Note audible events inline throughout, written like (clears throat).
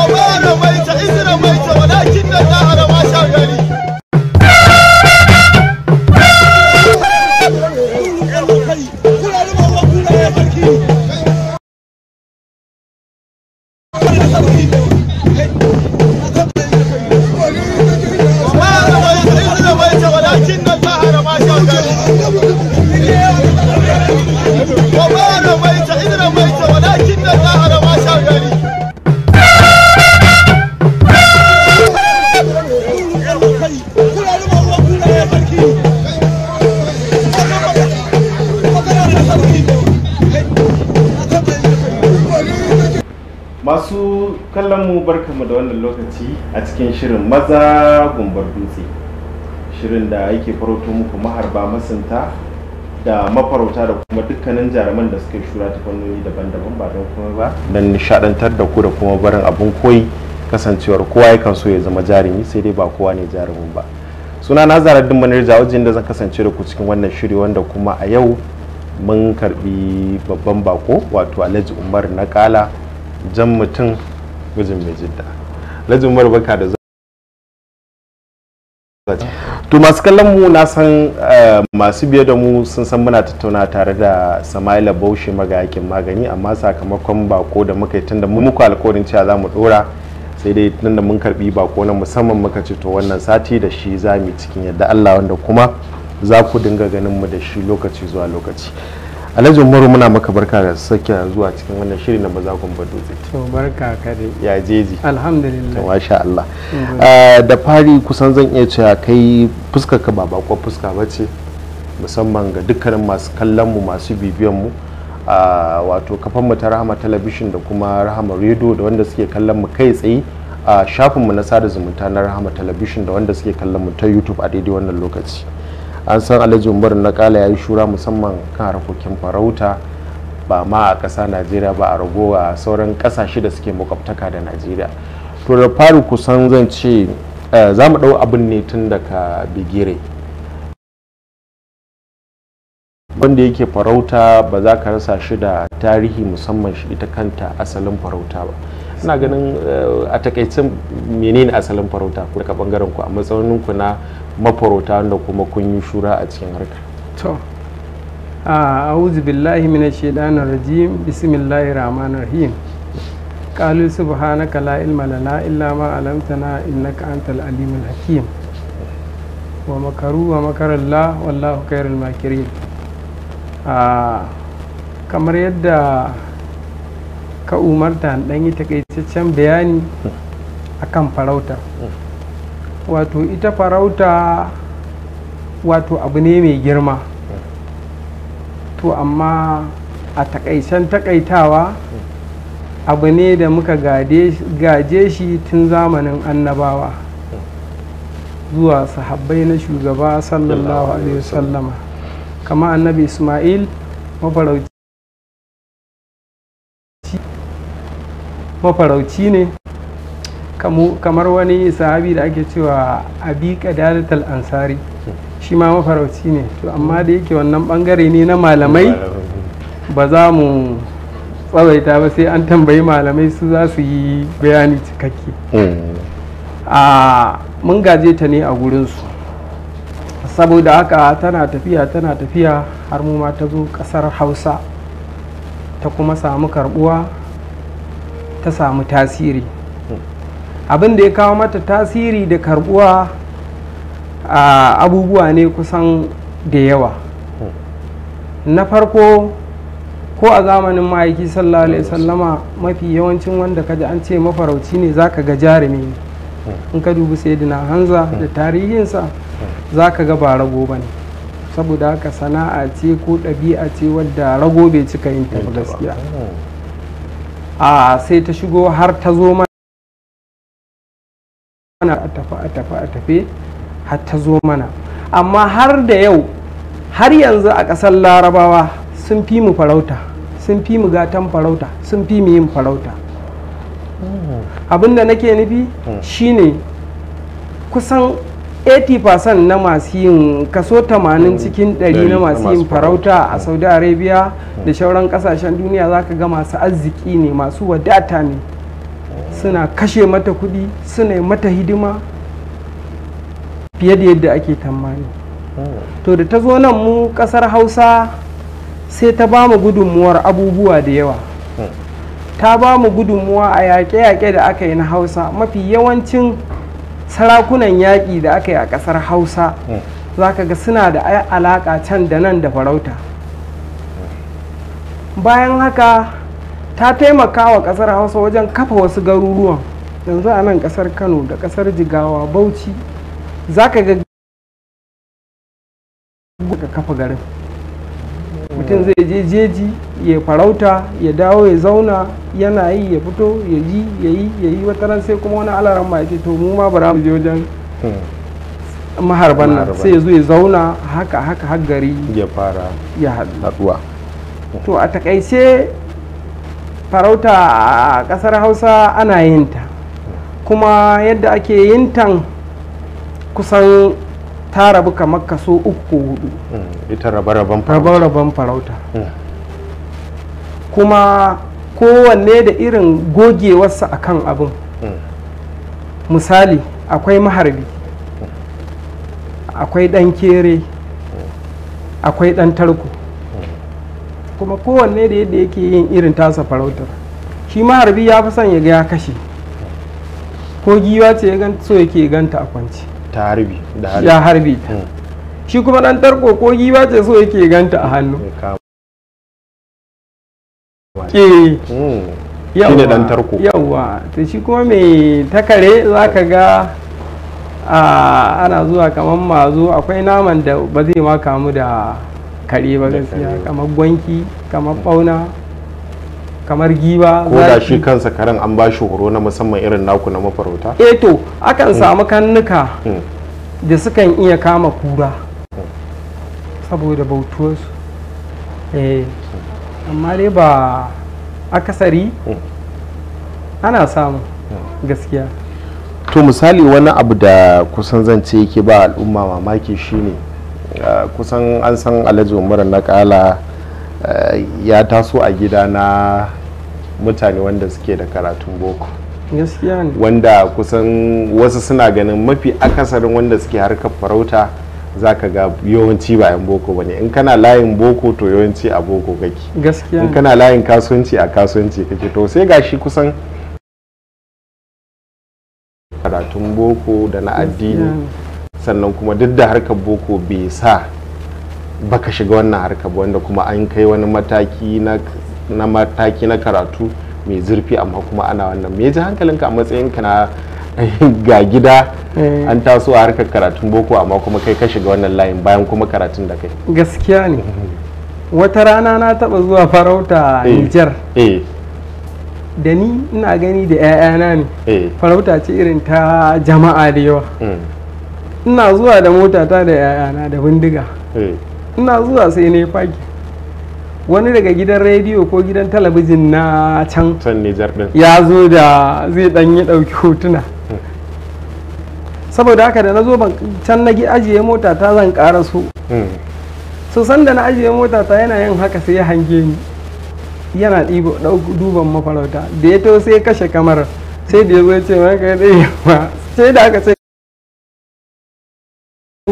Oh, shirin da yake farauto muku maharba masunta da mafarauta da kuma dukkanin jaruman da suka shura ta fannoni daban-daban ba don kuma ba don nishadantar da ku da kuma barin abin koyi kasancewar kowa yakan so ya zama jarumi sai dai ba kowa ne jarumin ba suna na zarar din manar jawajin da zan kasance da ku cikin wannan shiri wanda kuma a yau mun karbi babban bako wato alhaji umar na kala jan mutum gujin mai jidda alhaji umar baka da to masu kallon mu na san eh, masu biye da mu sun san muna tattauna tare da samaila baushe magayakin magani amma sakamakon bako da muka yi tun da muku alkawarin cewa za mu dora sai dai tun da mun karbi bako na musamman muka ce to wannan sati da shi za mu cikin yadda allah wanda kuma za ku dinga ganin mu da shi lokaci zuwa lokaci alhaji umaru muna maka barka da sake zuwa cikin wannan shiri na maza kun bado to barka ka dai ya jeji alhamdulillah sha Allah ah, da fari kusan zan iya cewa kai fuskar ka ba ko fuska bace musamman ga dukkanin masu kallon mu masu bibiyan mu a ah, wato kafan mu ta Rahama Television da kuma Rahama Radio da wanda suke kallon mu kai tsaye a ah, shafin mu na sada zumunta na Rahama Television da wanda suke kallon mu ta YouTube a daidai wannan lokaci an san alhaji umar na kala ya yi shura musamman kan harkokin farauta ba ma a ƙasa najeriya ba a ragowa sauran ƙasashe da suke makwabtaka da najeriya to da faru kusan zan ce eh, za mu ɗau abin ne tun daga bigire wanda yake farauta ba za ka rasa shi da tarihi musamman shi ita kanta asalin farauta ba ina ganin eh, a takaicin menene asalin farauta ku daga bangaren ku a matsayin ku na mafarauta wanda kuma kun yi shura a cikin harka to a'udhu billahi minash shaitanir rajim bismillahir rahmanir rahim qalu subhanaka la ilma lana illa ma 'allamtana innaka antal alimul hakim wa makaru wa makarallah wallahu khairul makirin kamar yadda ka umarta dan yi takaitaccen bayani akan farauta wato ita farauta wato abu ne mai girma to amma a takaicen takaitawa abu ne da muka gaje shi tun zamanin annabawa zuwa sahabbai na shugaba sallallahu alaihi wasallama kama annabi ismail mafarauci mafarauci ne kamar wani sahabi da ake cewa abi qadadatul ansari shi ma mafarauci ne to amma da yake wannan bangare ne na malamai ba za mu tsawaita ba sai an tambayi malamai su za su yi bayani cikakke a mun gaje ta ne a gurinsu saboda haka tana tafiya tana tafiya har mu ma ta zo kasar hausa ta kuma samu karbuwa ta samu tasiri abin da ya kawo mata tasiri da karbuwa a abubuwa ne kusan da yawa na farko ko a zamanin ma'aiki sallallahu alaihi sallama mafi yawancin wanda kaji an ce mafarauci ne zaka ga jarumi in ka dubi sayyidina hanza da tarihinsa zaka ga ba rago ba ne saboda haka sana'a ce ko ɗabi'a ce wadda rago bai cika yin tafi gaskiya a sai ta shigo har ta zo mana a tafi a tafi a tafi har ta zo mana amma har da yau har yanzu a ƙasar larabawa sun fi mu farauta sun fi mu gatan farauta sun fi mu yin farauta oh. abinda nake nufi hmm. shine kusan 80% na masu yin kaso 80 mm. cikin 100 na masu yin farauta a mm. saudi arabia da mm. shauran kasashen duniya za ka ga masu arziki ne masu wadata ne suna kashe mata kudi suna mata hidima fiye da yadda ake tamani to da ta zo nan mu kasar hausa sai ta ba mu gudunmuwar abubuwa da yawa ta ba mu gudunmuwa a yaƙe-yaƙe da aka yi na hausa mafi yawancin sarakunan yaƙi da aka yi a ƙasar hausa hmm. za ka ga suna da alaƙa can da nan da farauta bayan haka ta taimaka wa ƙasar hausa wajen kafa wasu garuruwan yanzu a nan ƙasar kano da ƙasar jigawa bauchi za ka ga kafa garin mutum zai je jeji ya farauta ya dawo ya zauna yana yi ya fito ya ji ya yi ya yi wata ran sai kuma wani alaran ma ya ce to mu ma bara mu je wajen maharban sai ya zo ya zauna haka haka har gari ya fara ya haɗuwa to a takaice farauta a ƙasar hausa ana yin ta kuma yadda ake yin tan kusan ta rabu kamar kaso uku ko hudu hmm. ita rabe-raben farauta farauta hmm. kuma kowanne da irin gogewarsa a kan abin hmm. misali akwai maharbi akwai dan kere hmm. akwai dan tarko kuma kowanne da yadda yake yin irin tasa farautar shi maharbi ya fi son ya ga ya kashe ko giwa ce ya so yake ganta a kwanci ta harbi ya harbi shi kuma dan tarko ko giwa ce so yake ganta a hannu ke eh. hmm. tarko yawwa to shi kuma mai takare zaka ga ana zuwa kamar mazo akwai naman da ba zai ma kamu da kare ba gaskiya kamar gwanki kamar bauna kamar giba ko da shi kansa karen an ba shi horo na musamman irin naku na mafarauta eh to akan hmm. samu kannuka hmm. da sukan iya kama kura saboda bautuwarsu eh amma dai ba akasari ana samu gaskiya to misali wani abu da kusan zance yake ba al'umma mamaki shine kusan an san alhaji umar na kala ya taso a gida na mutane wanda suke da karatun boko wanda kusan wasu suna ganin mafi akasarin wanda suke harkar farauta za ka ga yawanci ba yan boko ba ne in kana layin boko to yawanci a boko kake gaskiya in kana layin kasuwanci a kasuwanci kake to sai gashi kusan karatun boko da na addini sannan kuma duk da harkar boko bai sa baka shiga wannan harkar wanda kuma an kai wani mataki na mataki na karatu mai zurfi amma kuma ana wannan me ji hankalinka a matsayinka na (laughs) ga gida eh. an taso a harkar karatun boko amma kuma kai ka shiga wannan layin bayan kuma karatun da kai gaskiya ne wata rana na taba zuwa farauta eh. nijar eh. da ni ina gani da 'ya'yana ne farauta ce irin ta jama'a da yawa hmm. ina zuwa da motata da 'ya'yana da bindiga ina zuwa sai ne faki wani daga gidan rediyo ko gidan talabijin na can ya zo da zai ɗanyi ɗauki hotuna saboda haka da na zo ban can na ajiye mota ta zan ƙara so hmm. san da na ajiye mota ta yana yin haka sai ya hange ni yana duban mafarauta da ya to sai kashe kamar sai da ya zo ce ma ka yi sai da aka ce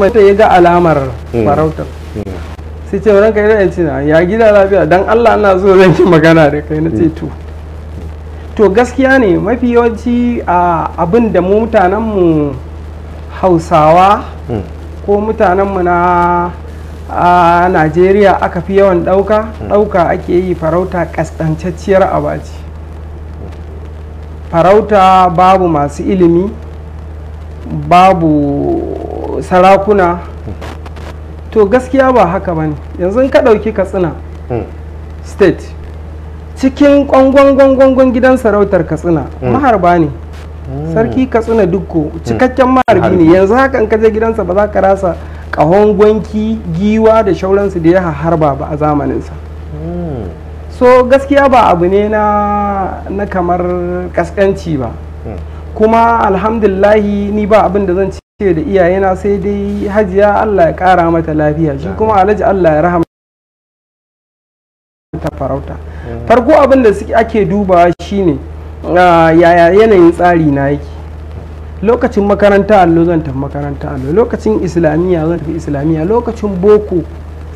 mata ya ga alamar hmm. farautar hmm. sai ce wani ya rai cina ya gida lafiya dan Allah na so zan yi magana da kai na ce to to gaskiya ne mafi yawanci abin da mu mutanen mu hausawa hmm. ko mutanenmu na a najeriya aka fi yawan ɗauka hmm. ɗauka ake yi farauta ƙasɗantacciyar abaci farauta babu masu ilimi babu sarakuna hmm. to gaskiya ba haka ba ne yanzu ka ɗauki katsina state cikin kwangon gidan sarautar katsina maharba ne sarki oh. katsina dukko hmm. cikakken maharbi ne yanzu haka in ka je gidansa ba za ka rasa ƙahon gwanki giwa da shauransu da ya harba ba a zamaninsa hmm. so gaskiya ba abu ne na kamar kaskanci ba hmm. kuma alhamdullahi ni ba abin da zan ce da iyayena sai dai hajiya allah ya kara mata lafiya shi kuma alhaji allah ya rahama ta farauta farko abin da ake dubawa shine ne Ah, yaya yanayin tsari na yake lokacin makaranta allo zan tafi makaranta allo lokacin islamiyya zan tafi islamiyya lokacin boko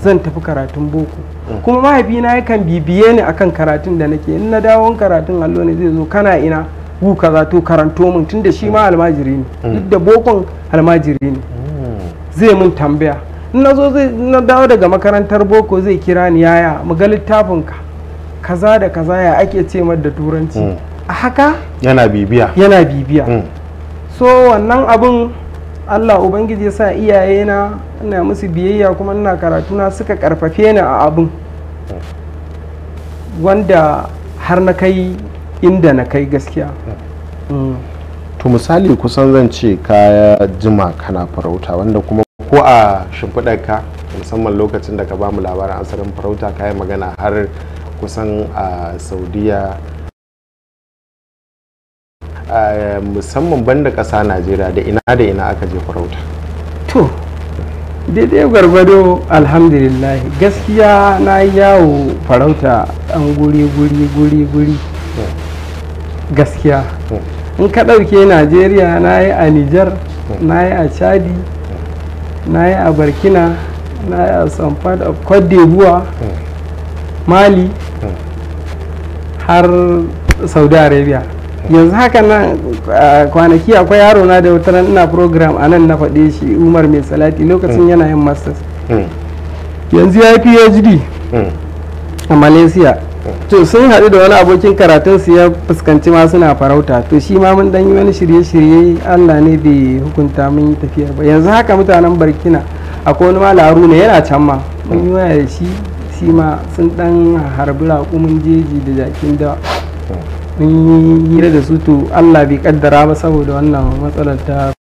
zan tafi karatun boko hmm. kuma mahaifina yakan bibiye ni akan karatun da nake in na dawo karatun allo ne zai zo kana ina gu kaza to karanto min tunda shi ma almajiri ne hmm. duk da bokon almajiri ne hmm. zai mun tambaya in na zo zai na dawo daga makarantar boko zai kira ni yaya mu ga littafinka kaza da kaza ya ake ce da turanci a haka yana bibiya yana bibiya mm. so wannan abin allah ubangiji ya sa iyayena ina musu biyayya kuma ina na suka karfafe ni a abin mm. wanda har na kai inda na kai gaskiya mm. to misali kusan zan ce kaya jima kana farauta wanda kuma ko a ka musamman lokacin da ka ba mu labarin asalin farauta kayan magana har kusan a saudiya musamman banda ƙasa najeriya da ina da ina aka je farauta to daidai gwargwado alhamdulillah gaskiya na yawo farauta an guri guri guri guri gaskiya in ka ɗauke najeriya na yi a nijar na yi a chadi na yi a barkina na yi a samfad of cote d'ivoire mali har saudi arabia yanzu haka nan kwanaki akwai yaro na da wata ina program a nan na faɗe shi umar mai salati lokacin mm. yana yin masters mm. yanzu ya yi phd mm. a malaysia to sun haɗu da wani abokin karatun su ya fuskanci ma suna farauta to shi ma mun dan yi wani shirye-shirye allah ne bai hukunta mun yi tafiya ba yanzu haka mutanen barkina akwai wani mala haruna yana can ma mun yi waya da shi shi ma sun dan harbi raƙumin jeji da jakin dawa mun yi hira da su to Allah bai kaddara ba saboda wannan matsalar ta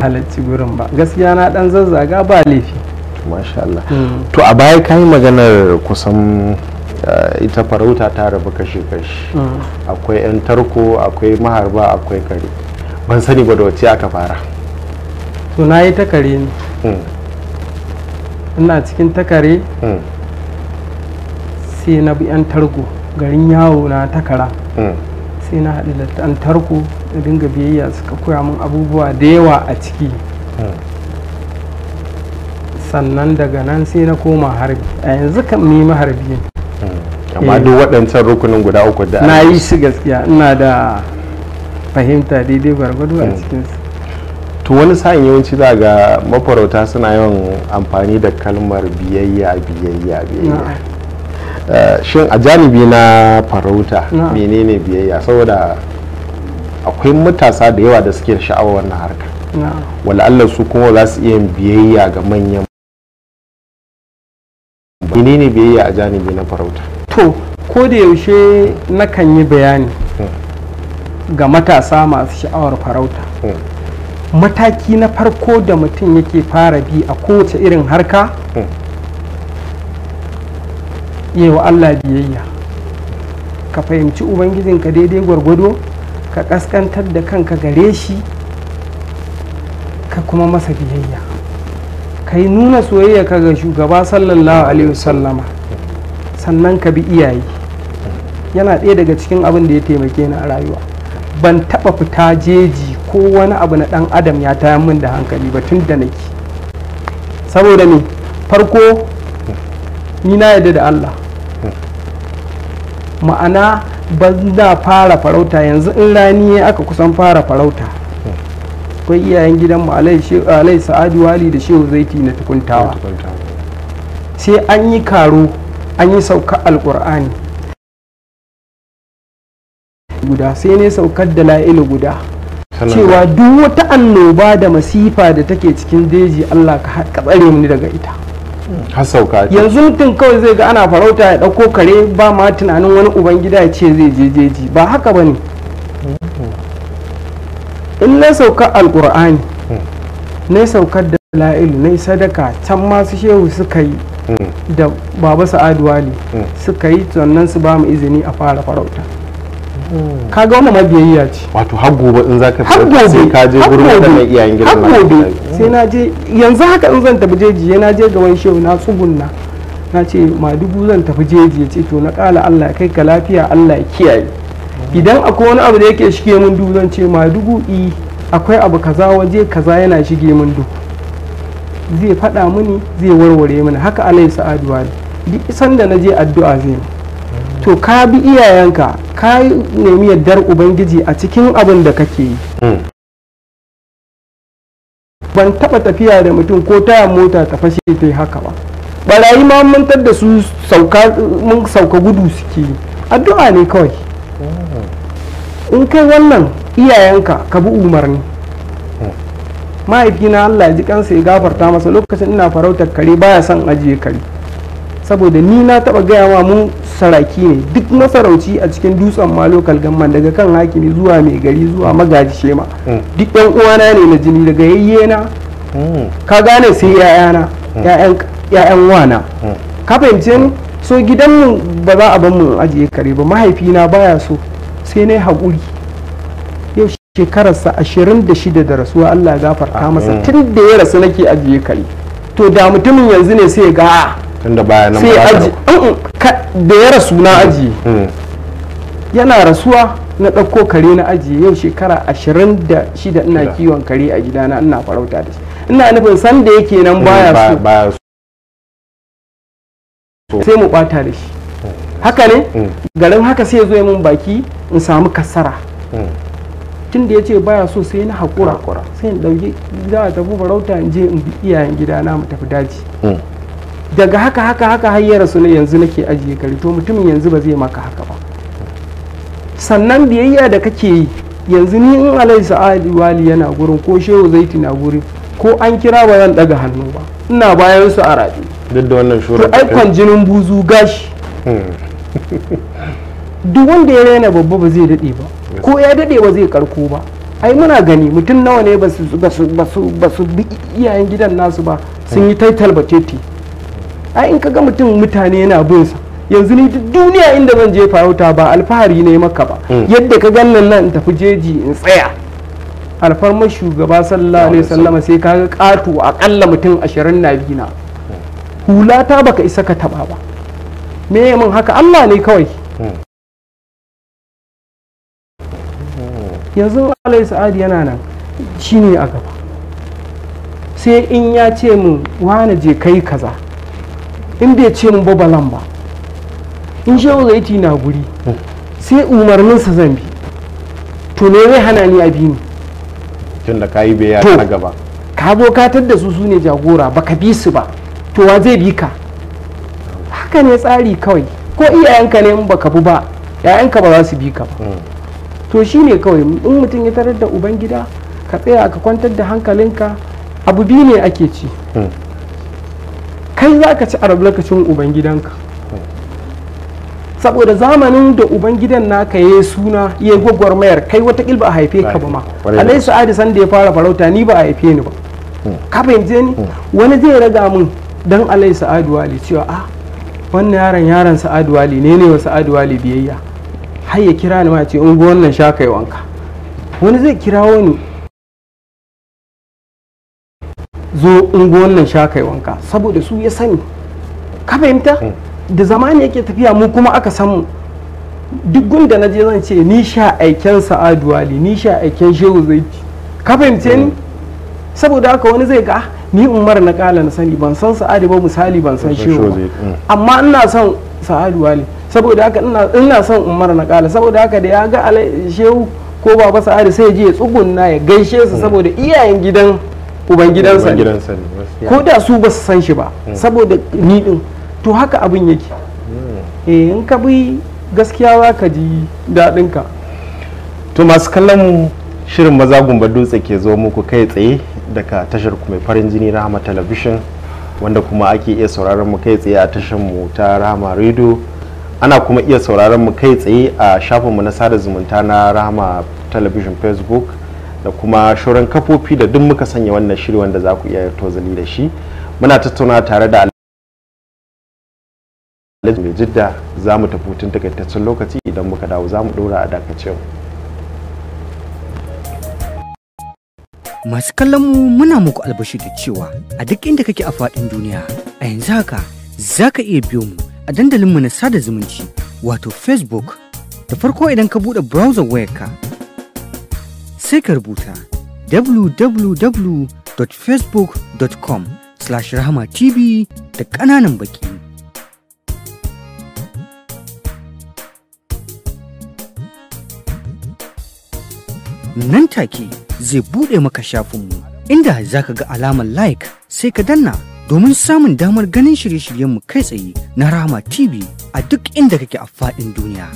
halarci gurin ba gaskiya na dan zazzaga ba laifi masha Allah hmm. to a baya kai maganar kusan eh, ita farauta ta rabu kashi kashi hmm. akwai yan tarko akwai maharba akwai kare ban sani ba da wace aka fara to na yi takare ne hmm. ina cikin takare sai na bi 'yan targo garin yawo na takara hmm. sai na haɗu da ɗan tarko da dinga biyayya suka koya min abubuwa da yawa a ciki hmm. sannan daga nan sai na koma harbi a yanzu kan ni maharbi hmm. amma duk eh. waɗancan rukunin guda uku da na yi shi gaskiya ina da fahimta daidai gwargwado a cikinsu to wani sa'in yawanci za ga mafarauta suna yawan amfani da kalmar biyayya biyayya biyayya Eh, shin a janibi na farauta menene biyayya saboda akwai matasa da yawa da suke sha'awar wannan harka wala Allah su kuma za su iya biyayya ga manyan menene biyayya a janibi na farauta to ko da yaushe nakan yi bayani hmm. ga matasa masu sha'awar farauta hmm. mataki na farko da mutum yake fara bi a kowace irin harka hmm. yi wa Allah biyayya ka fahimci ubangijin ka daidai gwargwado ka kaskantar da kanka gare shi ka kuma masa biyayya ka yi nuna soyayya ka ga shugaba sallallahu alaihi wasallama sannan ka bi iyaye yana ɗaya daga cikin abin da ya taimake ni a rayuwa ban taɓa fita jeji ko wani abu na ɗan adam ya tayar min da hankali ba tun da nake saboda ne farko ni na yarda da Allah ma'ana ba da fara farauta yanzu in rani ya aka kusan fara farauta akwai iyayen gidanmu alai sa'adu wali da shehu zaiti na tukuntawa sai an yi karo an yi sauka alkur'ani guda sai ne saukar da la'ilu guda cewa duk wata annoba da masifa da take cikin deji allah ka tsare mini daga ita yanzu mutum kawai zai ga ana farauta ya ɗauko kare ba ma tunanin wani ubangida ya ce zai je jeji ba haka ba ne mm-hmm. in na sauka alkur'ani mm. na saukar da la'ilu na sadaka can masu shehu suka yi mm. da baba sa'adu wali mm. suka yi sannan su ba mu izini a fara farauta kaga wannan mabiyayya ce wato har gobe in zaka fita sai ka je gurin mai iyayen gidan har gobe sai na je yanzu haka in zan tafi jeji na je ga wani shehu na tsugunna na ce ma dubu zan tafi jeji ya ce to na kala Allah kai ka lafiya Allah ya kiyaye idan akwai wani abu da yake shige min duhu zan ce Madugu dubu i akwai abu kaza waje kaza yana shige min duhu zai faɗa mini zai warware mini haka alai sa'adu duk isan da na je addu'a zai yi to ka bi iyayenka ka nemi yardar ubangiji a cikin abin da kake yi hmm. ban taba tafiya da mutum ko taya mota ta fashe ta yi haka ba barayi ma mun da su mun sauka gudu suke yi addu'a ne kawai in kai wannan iyayenka ka bi umarni hmm. mahaifina Allah ji kansa ya gafarta masa lokacin ina farautar kare baya son ajiye kare saboda ni na taba gaya ma mun. saraki ne duk masarauci a cikin dutsen ma lokal gamman daga kan hakimi zuwa mai gari zuwa magaji shema hmm. duk yan uwana ne na jini daga yayyena hmm. ka gane sai yayana hmm. yayan wana ka fahimce ni so gidanmu ba za a bar mu ajiye kare ba mahaifina baya so sai na haƙuri yau shekararsa ashirin da shida da rasuwa Allah ya gafarta masa tun da ya rasu nake ajiye kare to da mutumin yanzu ne sai ga tunda baya nan aji da ya rasu na aji mm. yana rasuwa na ɗauko kare na aji yau shekara ashirin da shida ina kiwon kare a gidana ina farauta da shi ina nufin sanda yake nan mm, baya so sai mu bata da shi mm. haka ne garin haka sai zo min baki in samu kasara tun da ya ce baya so sai na haƙura sai in ɗauki za a tafi farauta in je in bi iyayen gidana mu tafi daji daga haka haka haka har ya rasu ne yanzu nake ajiye gari to mutumin yanzu ba zai maka haka ba sannan biyayya da kake yi yanzu ni in alai sa'adi wali yana gurin ko shehu zaiti na gurin ko an kira ba zan daga hannu ba ina bayan su a rabi duk da wannan shura ai kan jinin buzu gashi hmm. (laughs) duk wanda ya raina babba ba zai dade ba ko ya dade ba zai karko ba ai muna gani mutum nawa ne ba su su iyayen gidan nasu ba sun yi hmm. ba bateti ai in ga mutum mutane yana bin sa yanzu ni duniya inda zan je farauta ba alfahari ne maka ba mm. yadda ka gan nan nan tafi jeji in tsaya alfarmar shugaba sallallahu alaihi wasallama sai kaga katu akalla mutum ashirin na biyu na mm. hula ta baka isa ka taba ba me min haka Allah ne kawai mm. yanzu alai sa'adi yana nan shine a gaba sai in ya ce min wane je kai kaza in bai ce mun babalan ba in shehu zaiti na guri oh. sai umarninsa zan bi to ne zai hana ni a bi ni tun da kayi bai yana gaba ka zo ka da su su ne jagora baka bi su ba to wa zai bi ka haka ne tsari kawai ko iyayenka ne in baka bi ba yayanka ba za su bi ka ba hmm. to ne kawai in mutum ya tarar da ubangida ka tsaya ka kwantar da hankalinka abu bi ne ake ci hmm. kai za ka ci arab lokacin ubangidanka saboda zamanin da ubangidan naka ya suna ya yi mayar kai wata ba a haife ka ba ma alai sa'adi san da ya fara farauta ni ba a haife ni ba hmm. ka fahimce ni hmm. wani zai raga min dan alai sa'adu wali cewa a ah, wannan yaron yaron sa'adu wali ne ne wa sa'adu wali biyayya har ya kira ni ma ce in wannan sha kai wanka wani zai kirawo ni zo ungo wannan shakai wanka saboda su ya sani ka fahimta mm. da zamani yake tafiya mu kuma aka samu duk gunda na je zan ce ni sha aiken sa'adu wali ni sha aiken shehu zai ka fahimce ni mm. saboda haka wani zai ga ah, ni umar na kala na sani ban san sa'adu ba misali ban san shehu ba mm. amma ina son sa'adu wali saboda haka ina son umar na kala saboda haka da ya ga shehu ko baba sa'adu sai ya je ya tsugunna ya gaishe su saboda iyayen gidan ubangidansa ne ko da su ba su san shi ba hmm. saboda ni din to haka abin yake hmm. eh in ka bi gaskiya za ka ji daɗin ka to masu kallon shirin maza gumba dutse ke zo muku kai tsaye daga tashar ku mai farin jini rahama talabishin wanda kuma ake iya sauraron mu kai tsaye a tashar mu ta rahama radio ana kuma iya sauraron mu kai tsaye a shafinmu na sada zumunta na rahama talabishin facebook da kuma shirin kafofi da duk muka sanya wannan shiri wanda za ku iya tozali da shi muna tattauna tare da alhaji mai jidda za mu tafi hutun takaitaccen lokaci idan muka dawo za mu ɗora a dakacewa masu kallon mu muna muku albashi da cewa a duk inda kake a faɗin duniya a yanzu haka za ka iya biyo mu a dandalinmu na sada zumunci wato facebook da farko idan ka buɗe browser wayarka sai ka rubuta www.facebook.com slash rahama tv da ƙananan baki. Nan take zai buɗe maka shafinmu inda za ka ga alamar like sai ka danna domin samun damar ganin shirye-shiryenmu kai tsaye na rahama tv a duk inda kake a faɗin duniya.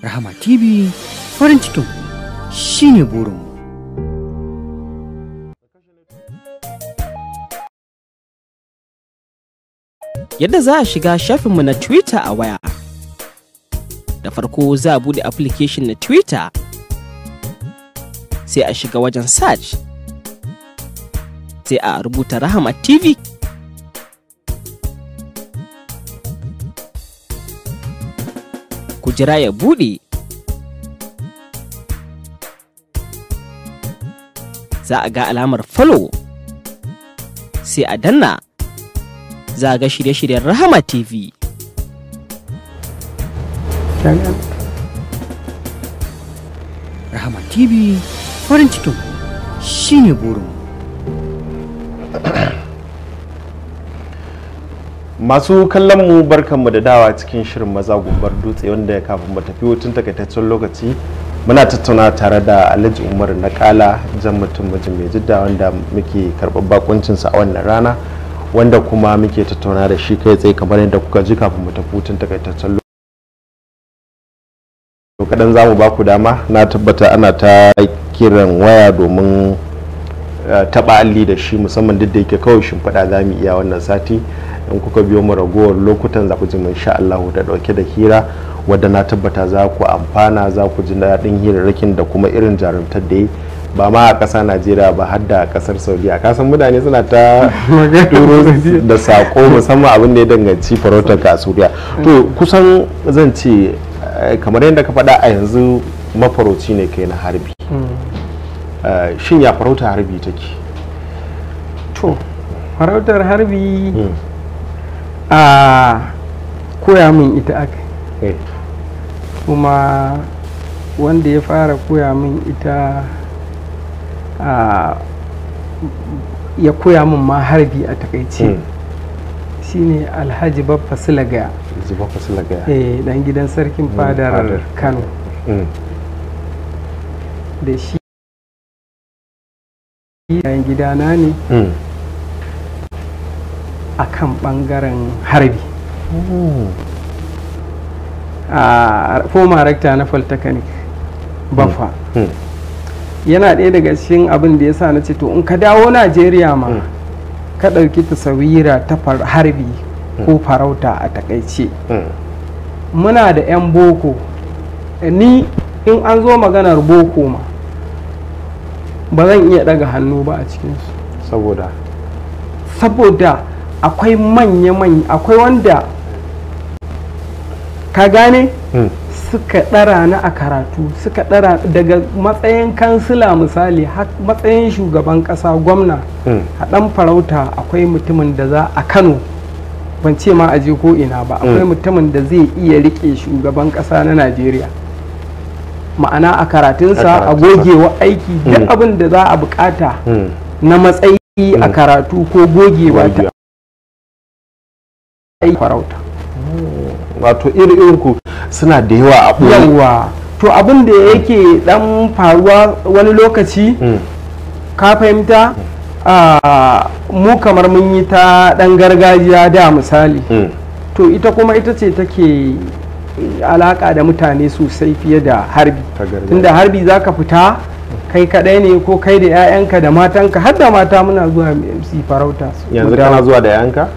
Rahama TV farin cikin burin mu. Yadda za a shiga shafinmu na Twitter a waya. Da farko za a buɗe application na Twitter sai a shiga wajen search sai a rubuta Rahama TV ku jira ya buɗe. Za a ga alamar falo sai a danna za a ga shirye-shiryen Rahama TV. Rahama TV farin cikin shi ne burin. masu kallon mu barkanmu da dawa cikin shirin maza gumbar dutse wanda ya kafin mu tafi hutun takaitaccen lokaci muna tattauna tare da alhaji umar na kala jan mutum mijin mai jidda wanda muke karɓar bakuncinsa a wannan rana wanda kuma muke tattauna da shi kai tsaye kamar yadda kuka ji kafin mu tafi hutun takaitaccen lokaci to kadan zamu ba ku dama na tabbata ana ta kiran waya domin eh, taɓa alli da shi musamman duk da yake kawai shimfiɗa za mu iya wannan sati in kuka biyo mu ragowar lokutan za ku ji mun sha Allah da dauke da hira wadda na tabbata za ku amfana za ku ji daɗin hirarrakin da kuma irin jarumtar da yi ba ma a ƙasa najeriya ba har da ƙasar a kasan mutane suna ta duro (laughs) da sako musamman abin da ya danganci farautar kasuwa to kusan zan ce eh, kamar yadda ka faɗa a yanzu mafarauci ne kai na harbi hmm. eh, shin ya farauta harbi take to farautar harbi hmm. a koya min ita aka eh. kuma wanda ya fara koya min ita a ya koya min ma harbi a takaice hmm. shine alhaji Bafa silagaya eh, dan gidan sarkin hmm, fadar kano hmm. da shi yayin gidana ne a kan ɓangaren harbi oh. a ah, former rector na polytechnic bafa hmm. hmm. yana ɗaya daga cikin abin da ya sa na ce to in ka dawo najeriya ma hmm. ka ɗauki tasawira ta harbi ko farauta a takaice muna da 'yan boko ni in an zo maganar boko ma ba zan iya ɗaga hannu ba a cikinsu saboda saboda akwai manya-manya akwai wanda ka gane hmm. suka ɗara na a karatu suka ɗara daga matsayin kansila misali matsayin shugaban ƙasa gwamna hmm. a ɗan farauta akwai mutumin da za a kano ban ce ma aje ko ina ba hmm. akwai mutumin da zai iya riƙe shugaban ƙasa na najeriya ma'ana a karatunsa a gogewa aiki duk abin da za a bukata na matsayi a karatu ko gogewa ta ai farauta wato iri irin ku suna da yawa a yawa to abin da yake dan faruwa wani lokaci hmm. ka fahimta mu kamar mun yi ta dan gargajiya da misali hmm. to ita kuma ita ce take alaka da mutane sosai fiye da harbi tunda harbi za ka fita kai kadai ne ko kai da 'ya'yanka da matanka har da mata muna zuwa mc farauta yanzu kana zuwa da 'ya'yanka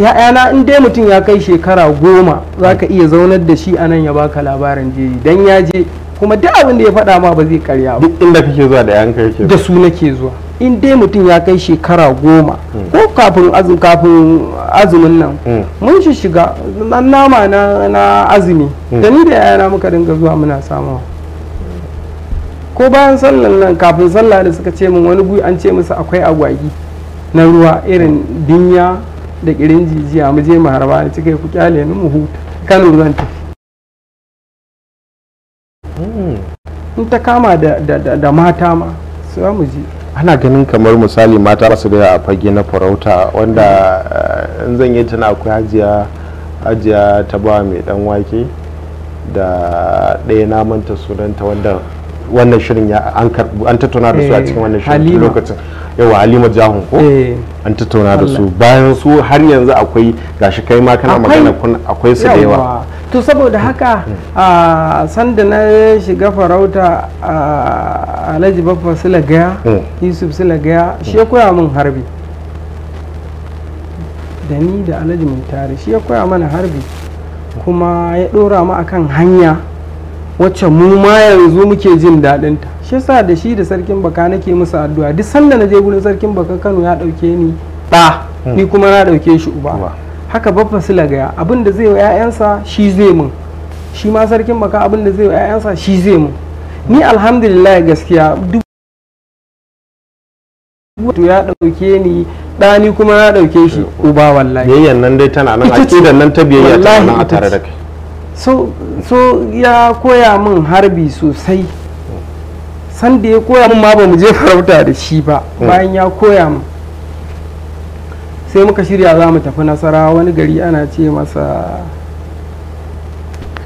ya'yana in dai mutum ya kai shekara goma za ka iya zaunar da shi anan ya baka labarin jeji dan ya je kuma duk abin da ya faɗa ma ba zai karya ba duk inda kake zuwa da yan kai ke da su nake zuwa in dai mutum ya kai shekara goma hmm. ko kafin azum kafin azumin nan hmm. mun shi shiga nan nama na na azumi hmm. da ni da yayana muka dinga zuwa muna samu ko bayan sallan nan kafin sallah da suka ce min wani gui an ce musu akwai agwagi na ruwa irin dinya da kirin jijiya mu je mu harba ne cika ku kyale ni mu huta kano zan ta. Hmm. in ta kama da mata ma su mu je ana ganin kamar misali mata ba su da a fage na farauta wanda eh, in zan yi tana akwai hajiya hajiya ta ba mai dan wake da ɗaya namanta sunanta wanda wannan shirin ya an karbu an tattauna da su a eh, cikin wannan shirin lokacin yawa halima jahun ko eh. an tattauna da su bayan su har yanzu akwai gashi kai ma kana magana kun akwai su da yawa to saboda haka a sanda na shiga farauta a alhaji baffa silagaya hmm. yusuf silagaya shi ya koya min harbi da ni da alhaji mai tare shi ya koya mana harbi kuma ya dora mu akan hanya wacce mu ma yanzu muke jin daɗin ta shi yasa da shi da sarkin baka nake musu addu'a duk sanda na je gurin sarkin baka Kano ya ɗauke ni ɗa hmm. ni kuma na ɗauke shi uba haka babba fasila gaya abin da zai wa 'ya'yansa shi zai mun shi ma sarkin baka abin da zai wa 'ya'yansa shi zai mun ni alhamdulillah gaskiya duk wato ya ɗauke ni ɗa ni kuma na ɗauke shi hmm. uba wallahi biyayyan nan dai tana nan aƙidan nan ta biyayya tana nan a tare da kai so, so ya koya min harbi sosai sanda ya koya min ma ba mu je (laughs) farauta da shi ba hmm. bayan ya koya min sai muka shirya za mu tafi nasara wani gari ana ce masa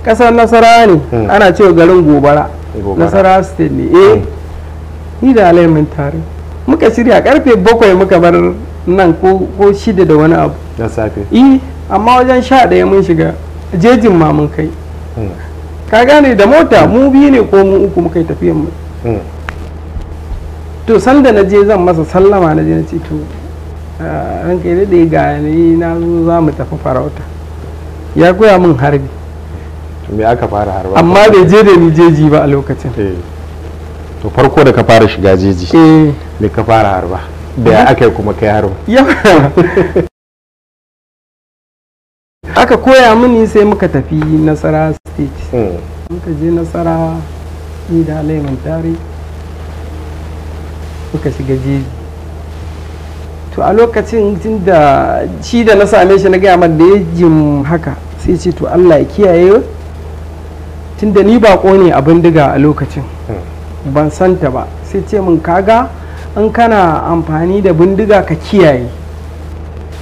kasar nasara ne hmm. ana ce garin gobara nasara state ne eh hmm. ni da alaimin tare muka shirya karfe bakwai muka bar nan ko shida da wani abu da safe eh amma wajen sha ɗaya mun shiga jejin ma mun kai ka gane da mota mu biyu ne ko mu uku muka yi tafiyan mu to sanda na je zan masa sallama na je na ce to ah, an kai da ga ni na zo za mu tafi farauta ya goya min harbi me aka fara harba amma bai je da ni jeji ba a lokacin eh. to farko da ka fara shiga jeji eh. me ka fara harba da aka yi kuma kai harba (laughs) aka koya mini sai muka tafi nasara state hmm. muka je nasara ni da alaiman tare muka shiga jeji to a lokacin tun da shi da na same shi na gaya mar da ya haka sai ce to allah ya kiyaye tun da ni bako ne a bindiga a lokacin hmm. ban santa ba sai ce mun kaga an kana amfani da bindiga ka kiyaye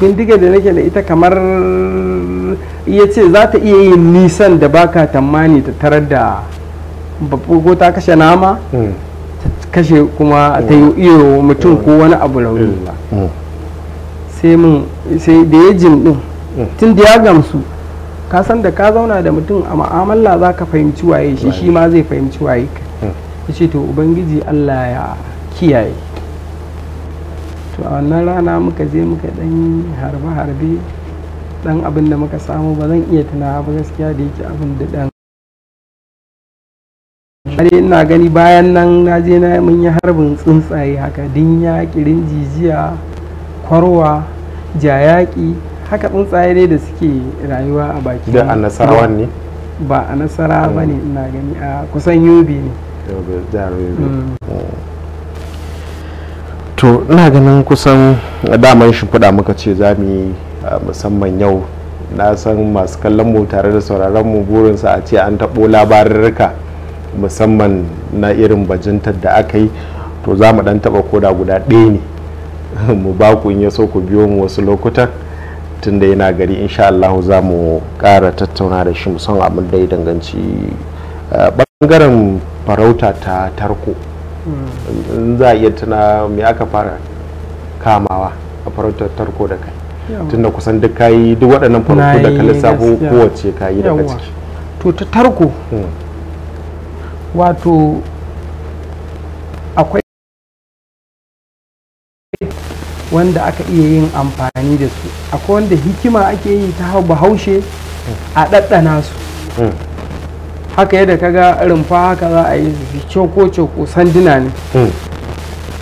bindigar da nake da ita kamar iya ce za ta iya yin nisan da baka tamani ta tarar da ko ta kashe nama hmm. Ta kashe kuma ta yi iyo mutum ko wani abu rauni hmm. ba hmm. sai mun sai da ya jin din tun da ya gamsu ka san da ka zauna da mutum a ma'amala za ka fahimci waye shi shi ma zai fahimci waye ka ya ce to ubangiji allah ya kiyaye to a wannan rana muka je muka dan harbe-harbe dan abin da muka samu ba zan iya tunawa ba gaskiya da yake abin da dan dai ina gani bayan nan na je na mun yi harbin tsuntsaye haka dinya kirin jijiya kwarwa jayaki haka tsuntsaye ne da suke rayuwa a baki da a nasarawa ne ba a nasara ba ne hmm. ina gani a kusan yobe ne yobe da yobe hmm. Hmm. to ina ganin kusan daman shimfiɗa muka ce za mu yi musamman yau na san masu kallon mu tare da sauraron mu burinsa a ce an taɓo labarurruka musamman na irin bajintar da aka yi to za mu ɗan taɓa koda guda ɗaya ne (laughs) mu ba ku in ya so ku biyo mu wasu lokutan tunda yana gari insha Allah za mu ƙara tattauna da shi musamman abin da ya danganci ɓangaren farauta ta tarko in za a iya tuna me aka fara kamawa a farautar tarko da kai da kusan duk kayi duk waɗannan farko da ka lissafo kowace kayi daga ciki to ta tarko hmm. wato akwai wanda aka iya yin amfani da su akwai wanda hikima ake yi ta haushe bahaushe hmm. a ɗaɗɗana su hmm. haka yadda ka ga rumfa haka za a yi su coko coko sanduna ne hmm.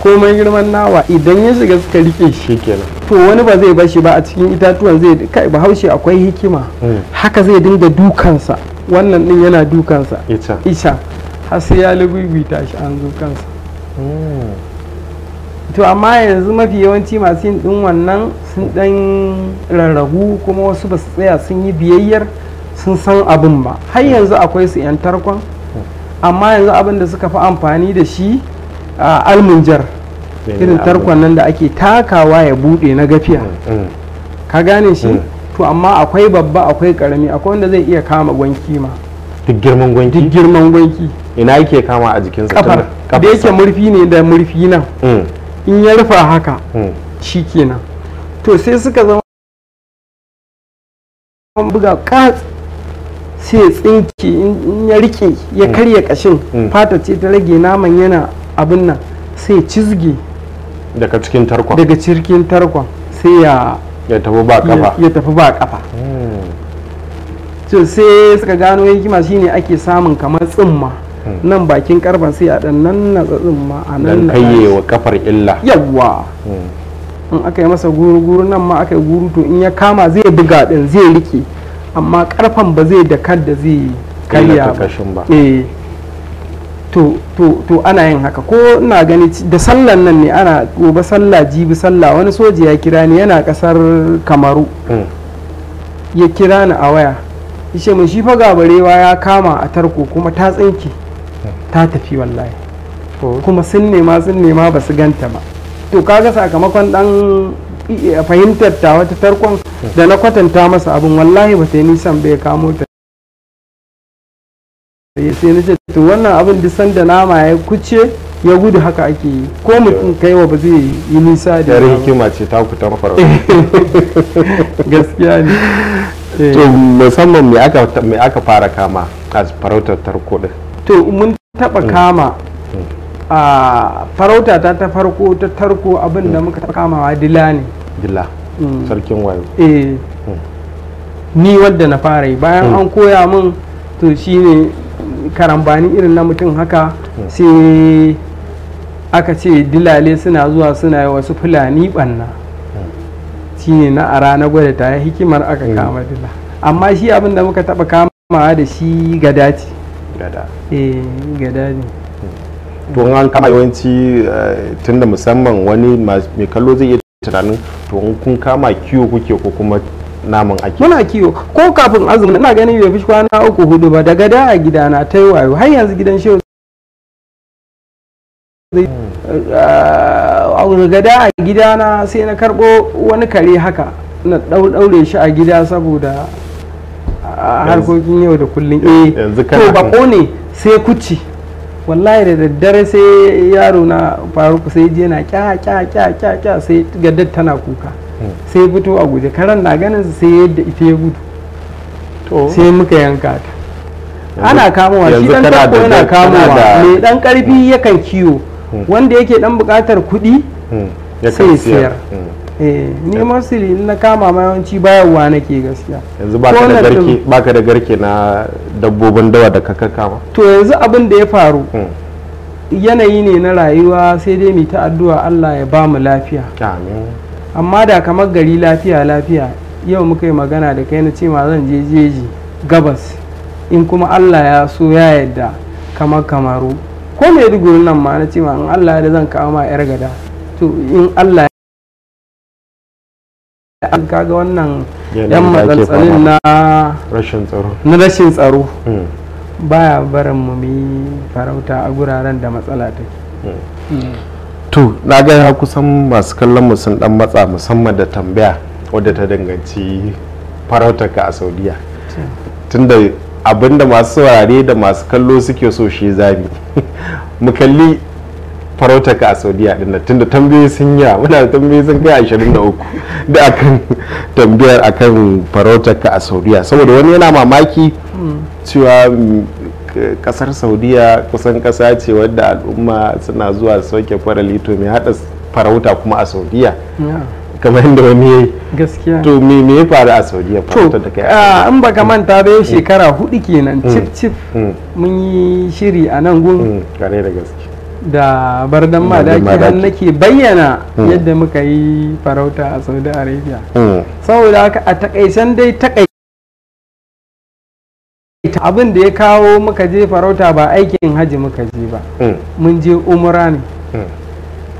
komai girman nawa idan ya shiga suka rike shi kenan to wani ba zai bashi ba a cikin itatuwan zai kai ba haushe akwai hikima hmm. haka zai dinga dukansa wannan din yana dukansa isha har sai ya lububita shi an zo kansa hmm. to amma yanzu mafi yawanci masu yin din wannan sun dan rarragu kuma wasu ba su tsaya sun yi biyayyar sun san abin ba har yanzu akwai su 'yan tarkon amma yanzu abin da suka fi amfani da shi a almunjar irin tarkon nan da ake takawa ya bude na gafiya mm, mm. ka gane shi mm. to amma akwai babba akwai karami akwai wanda zai iya kama gwanki ma duk girman gwanki duk girman gwanki ina yake kama a jikinsa kafar da yake murfi ne da murfi nan in ya rufa haka shikenan to sai suka zama buga katsi sai tsinki in ya rike ya mm. karya kashin mm. fata ce ta rage naman yana abin nan sai cizge daga cikin tarkon daga cikin tarkon sai ya ya tafi ba kafa ya tafi ba kafa mm. to sai suka gano hikima shine ake samun kamar tsimma nan bakin karban sai a dan nan na tsimma a nan na wa kafar illa yawa in aka yi masa guru guru nan ma aka yi guru to in ya kama zai buga din zai rike amma karfan ba zai da kan da zai karya ba eh. to ana yin haka ko ina gani da sallan nan ne ana gobe sallah jibi sallah wani soji ya kira ni yana kasar kamaru hmm. ya kira ni a waya ishe mai shi gabarewa ya kama a tarko kuma ta tsinke hmm. ta tafi wallahi kuma sun nema sun nema ba su ganta ba to kaga sakamakon dan eh, fahimtar ta wata tarkon da na kwatanta masa abin wallahi ba ta yi nisan bai kamo ta sai na ce to wannan abin duk sanda nama ya kuce ya gudu haka ake yi ko mutum kai wa ba zai yi nisa da yare hikima ce ta ku tamfara (laughs) gaskiya ne eh. to musamman me aka me aka fara kama a farautar tarko din to mun taba mm. kama mm. a ah, farauta ta ta farko ta tarko abin da mm. muka taba kamawa dila ne dila Mm. sarkin wayo eh mm. ni wadda na fara yi bayan mm. an koya min to shine karambani irin na mutum haka sai aka ce dilale suna zuwa suna yi wasu fulani banna shine na a rana gwada ta hikimar aka kama dila amma shi abin da muka taba kamawa da shi gada ce gada eh, ne to an kama yawanci eh, tun da musamman wani mai kallo zai iya tunanin to kun kama kiwo kuke ko kuma naman ake muna kiwo ko kafin azumi ina ganin bai fi kwana uku hudu ba daga da a gidana ta yi wayo har yanzu gidan shehu eh, daga da a gidana sai na karbo wani kare haka na daure shi a gida saboda harkokin yau da kullum eh to bako ne sai kuci wallahi da daddare sai yaro na faruku sai je na kya kya kya kya kya sai gaddar tana kuka hmm. sai fito a guje karan na ganin sai yadda ita ya gudu sai muka yanka ta ana kamowa shi dan tabbo yana kamowa mai dan karfi hmm. yakan kiwo hmm. wanda yake dan bukatar kudi sai siyar neman eh, ni na kama ma yawanci bayarwa nake gaskiya yanzu baka da garke da garke na dabbobin dawa da ka kama to yanzu abin da ya faru hmm. yanayi ne na rayuwa sai dai mu ta addu'a Allah ya ba mu lafiya amma da kamar gari lafiya lafiya yau muka yi magana da kai na ce ma zan je jeji gabas in kuma Allah ya so ya yadda kamar kamaru ko mai dugurin nan ma na ce ma in Allah ya da zan kawo ma yar gada to in Allah an kaga wannan yan matsatsalin na rashin tsaro na rashin tsaro hmm. baya barin mu mi farauta a guraren da matsala take hmm. Hmm. to na ga ya kusan masu kallon mu sun dan matsa musamman da tambaya wadda ta danganci farauta ka a saudiya tunda abinda masu saurare da masu kallo suke so shi zami (laughs) mu kalli farautaka ka a saudiya din nan tunda tambayoyi sun yi muna da tambayoyi sun kai 23 da akan tambayar akan farautaka ka a saudiya saboda wani yana mamaki cewa kasar saudiya kusan kasa ce wadda al'umma suna zuwa sauke farali to mai hada farauta kuma a saudiya kamar yadda wani ya yi gaskiya to me me ya faru a saudiya farauta da kai an ah, baka manta da mm. shekara hudu kenan mm. cif cif mm. mun yi shiri a nan gun gare da gaskiya da bardan madaki har nake bayyana hmm. yadda muka yi farauta a saudi arabia hmm. saboda haka a takaicen dai takai abin da ya kawo muka je farauta ba aikin haji muka je ba hmm. mun je umra ne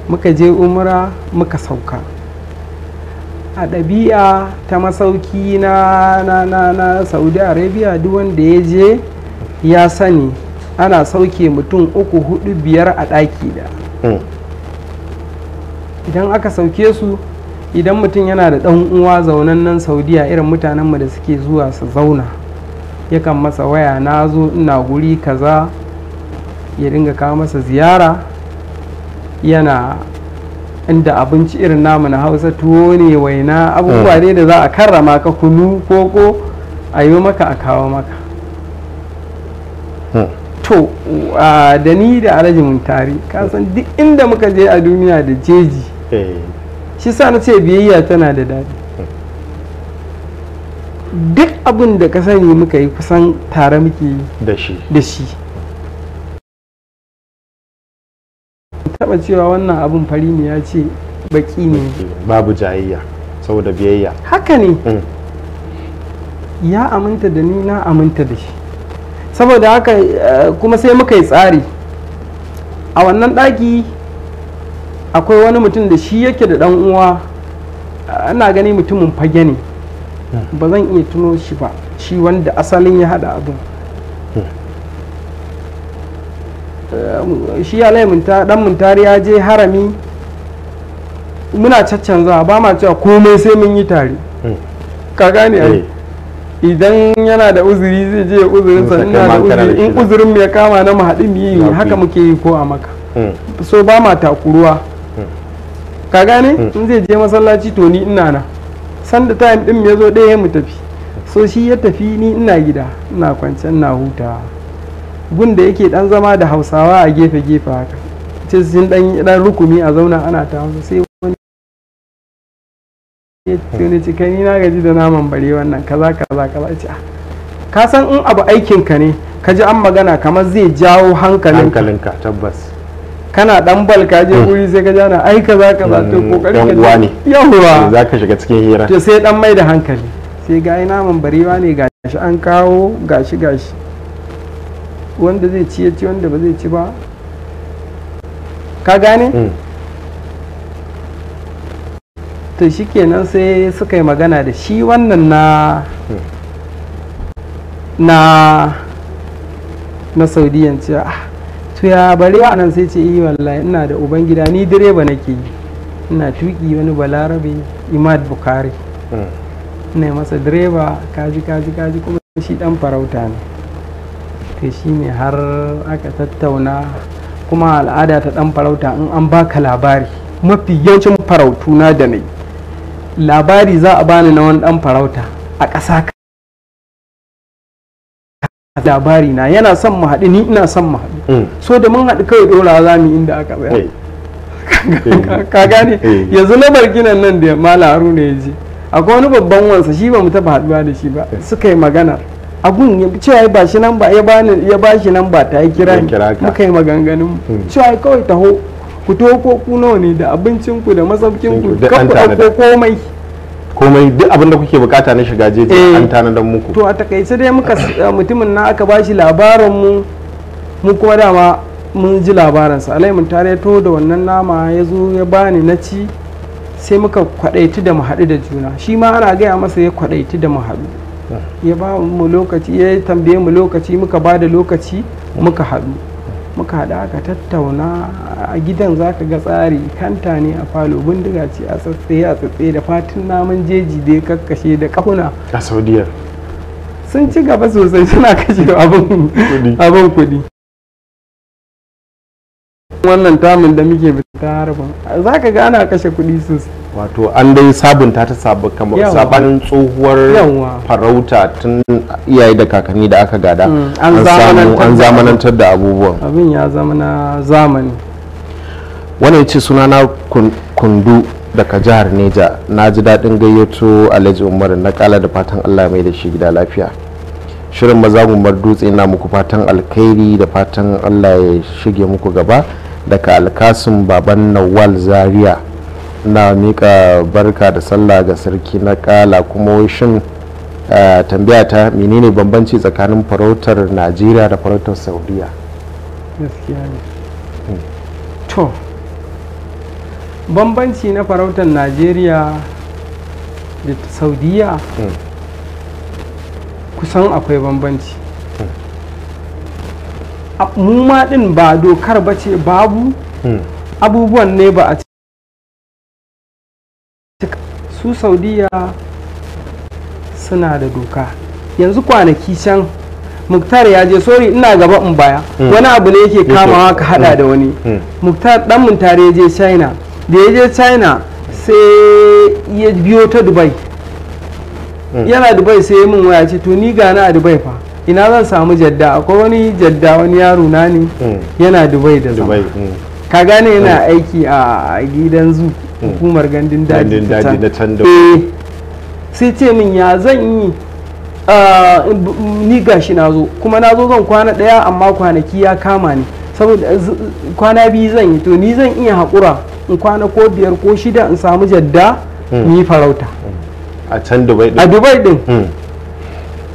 muka je umra muka sauka a ɗabi'a ta masauki na na na saudi arabia duk wanda ya je ya sani ana sauke mutum uku hudu biyar a ɗaki da hmm. idan aka sauke su idan mutum yana da ɗan uwa nan saudiya irin mutanenmu da suke zuwa su zauna yakan masa waya na zo ina guri kaza ya dinga kawo masa ziyara yana inda abinci irin namu na hausa tuwo ne waina abubuwa ne hmm. da za a karrama ka kunu koko a yi maka a kawo maka to uh, da ni da alhaji muntari kasan duk inda muka je a duniya da jeji eh. shi sa na ce biyayya tana da daɗi duk abin da ka sani muka yi kusan tare muke da shi taba cewa wannan abin fari ne ya ce baki ne babu jayayya saboda biyayya haka ne mm. ya aminta da ni na aminta da shi saboda haka eh, kuma sai muka yi tsari a wannan ɗaki akwai wani mutum da shi yake da ɗan uwa ana gani mutumin fage ne ba zan iya tuno shi ba shi wanda asalin ya haɗa abin eh, shi ya dan muntari ya je harami muna caccanzawa ba ma cewa komai sai mun yi tare hmm. ka gane eh. idan yana da uzuri zai je uzurin sa ina da uzuri in uzurin mai ya kama na mu haɗu mu yi haka muke yi ko a maka hmm. so ba ma takuruwa hmm. ka gane hmm. in zai je masallaci to ni ina na sanda time din ya zo ɗaya mu tafi so shi ya tafi ni ina gida ina kwance ina huta gunda yake dan zama da hausawa a gefe gefe haka ce sun dan rukumi a zauna ana ta sai sai ne ce kai ni na gaji da naman bari wannan kaza kaza kaza ce ah, ka san in abu aikin ka ne ka ji an magana kamar zai jawo hankalin hankalinka tabbas kana dan bal ka je wuri hmm. sai ka jana ai kaza kaza to kokarin hmm, ka ne yawa eh, ka shiga cikin hira to sai dan mai da hankali sai ga ai naman barewa ne gashi an kawo gashi gashi wanda zai ci ya ci wanda ba zai ci ba ka gane hmm. to shikenan sai suka yi magana da shi wannan na na na saudiyan cewa ah to ya bari a nan sai ce yi eh, wallahi ina da ubangida ni direba nake yi ina tuki wani balarabe imad bukari ina masa direba kaji kaji kaji kuma shi dan farauta ne to shi ne har aka tattauna kuma al'ada ta dan farauta in an baka labari mafi yancin farautu na da nai labari za a bani na wani dan farauta a ƙasa labari na yana son mu haɗu ni ina son mu haɗu mm. so da mun haɗu kawai ɗora za mu inda aka bayar. ka gane yanzu na barkinan nan da mala haruna ya je akwai wani babban wansa shi ba mu taɓa haɗuwa da shi ba suka yi magana abun cewa ba shi nan ba ya ba shi nan ba ta yi kira muka yi maganganun mm. cewa kawai taho ku to ko ku nawa ne da abincin ku da masaukin ku da ku dauko komai komai duk abin da kuke bukata na shiga jeji eh. an tanadar muku to a takaice dai muka eh, mutumin na aka bashi labarin mu mu kuma dama mun ji labaransa mun tare to da wannan nama ya zo ya bani na ci sai muka kwadaitu da mu haɗu da juna shi ma ana gaya masa ya kwadaitu da mu haɗu hmm. ya ba mu lokaci ya tambaye mu lokaci muka ba da lokaci hmm. muka haɗu muka haɗa aka tattauna a gidan zaka ga tsari kanta ne a falo bindiga ce a tsatsaye a tsatsaye da fatin namun jeji da ya kakkashe da kahuna a saudiya sun ci gaba sosai suna kashe abin kuɗi wannan tamin da muke ta harbin za ka gana kashe kuɗi sosai wato an dai sabunta ta sabanin tsohuwar farauta tun iyaye da kakanni da aka gada mm, an zamanantar da abubuwan abin ya zama zamani wannan ce suna na kundu daga jihar neja na ji daɗin gayyato alhaji umar na kala da fatan allah mai da shi gida lafiya shirin maza gumar dutse na muku fatan alkhairi da fatan allah ya shige muku gaba daga alkasin baban nawal zaria na mika barka da sallah ga sarki na kala kuma shin eh, tambaya ta menene bambanci tsakanin farautar najeriya da farautar saudiya gaskiya ne hmm. to bambanci na farautar najeriya da saudiya hmm. kusan akwai bambanci hmm. mu ma din ba dokar ba ce babu abubuwan ne ba a su saudiya suna da doka yanzu kwanaki can muktar ya je sori ina gaba in baya hmm. wani abu ne yake kamawa ka hada hmm. da wani hmm. muktar dan muntar ya je china da ya je china sai ya biyo ta dubai yana dubai sai ya min waya ce to ni gana a dubai fa ina zan samu jadda akwai wani jadda wani yaro na ne yana dubai da zama ka gane yana aiki a gidan zu hukumar gandun daji na can da eh, sai ce min ya zan yi ah, ni gashi na zo kuma na zo zan kwana daya amma kwanaki ya kama ni saboda eh, kwana biyu zan yi to ni zan iya haƙura in kwana ko biyar ko shida in samu jadda ni hmm. farauta a can dubai din a dubai din hmm.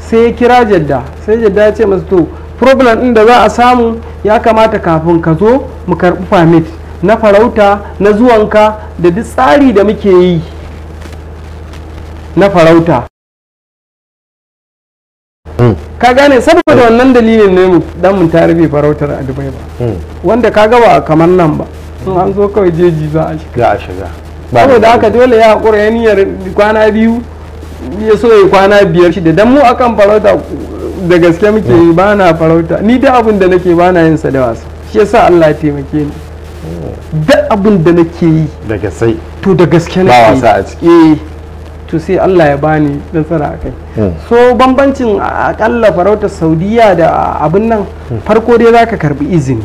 sai ya kira jadda sai jadda ya ce masu to problem din da za a samu ya kamata kafin ka zo mu karɓi permit na farauta na zuwanka da duk tsari da muke yi na farauta hmm. ka gane saboda hmm. wannan dalilin ne mu dan mun tarbi farautar a dubai ba hmm. wanda ka gaba kamar nan ba sun an zo kawai jeji za a shiga a shiga saboda haka dole ya haƙura ya niyyar kwana biyu ya so ya kwana biyar shida dan mu akan farauta da gaske muke yi ba na farauta ni da abin da nake ba na yin sa da wasu shi yasa Allah ya taimake ni duk abin da nake yi da gaske to da gaske nake ba wasa a ciki eh, to sai Allah ya bani nasara a hmm. so bambancin akalla farautar saudiya da abin nan hmm. farko dai zaka karbi izini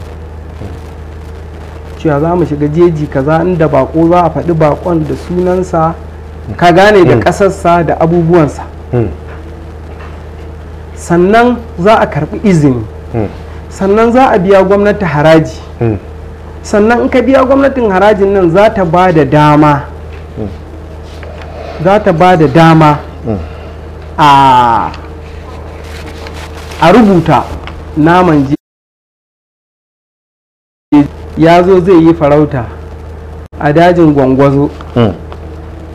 cewa za mu shiga jeji kaza inda bako za a faɗi bakon da sunansa hmm. ka gane da ƙasarsa da abubuwansa sannan za a karbi izini sannan za a biya gwamnati haraji sannan in ka biya gwamnatin harajin nan za ta ba da dama hmm. za ta ba da dama hmm. a rubuta naman ji ya zo zai yi farauta a dajin gwangwazo hmm.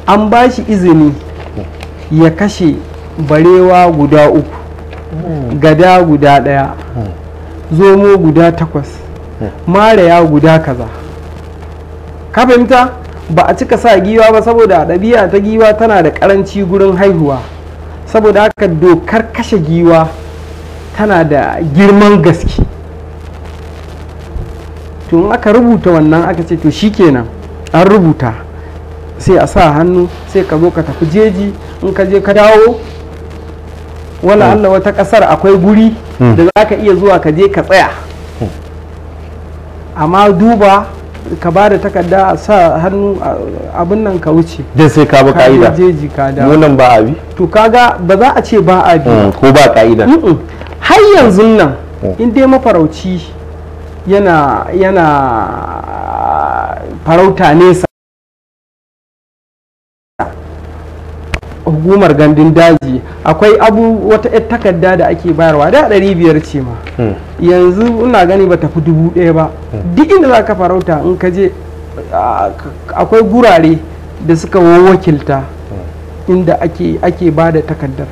an ba shi izini ya kashe barewa guda uku gada guda daya zomo guda takwas mare ya guda kaza kafinta ba a cika sa giwa ba saboda ɗabi'a ta giwa tana da karanci gurin haihuwa saboda haka dokar kashe giwa tana da girman gaske tun aka rubuta wannan aka ce to shikenan an rubuta sai a sa hannu sai ka zo ka tafi jeji in ka je ka dawo wala hmm. Allah wata kasar akwai guri hmm. da za ka iya zuwa ka je ka tsaya amma duba ka ba da takarda a sa hannu abin nan ka wuce dai sai ka bi ka'ida jeji ka da nunan ba bi to kaga ba za a ce ba a bi. Mm, ko ba ka'ida har yanzu nan mm. in dai mafarauci yana yana farauta nesa gumar gandun daji akwai abu wata yar takarda da ake bayarwa da ɗari biyar ce ma hmm. yanzu ina gani ba tafi dubu ɗaya ba hmm. duk inda za ka farauta in ka je akwai gurare da suka wakilta hmm. inda ake ba da takardar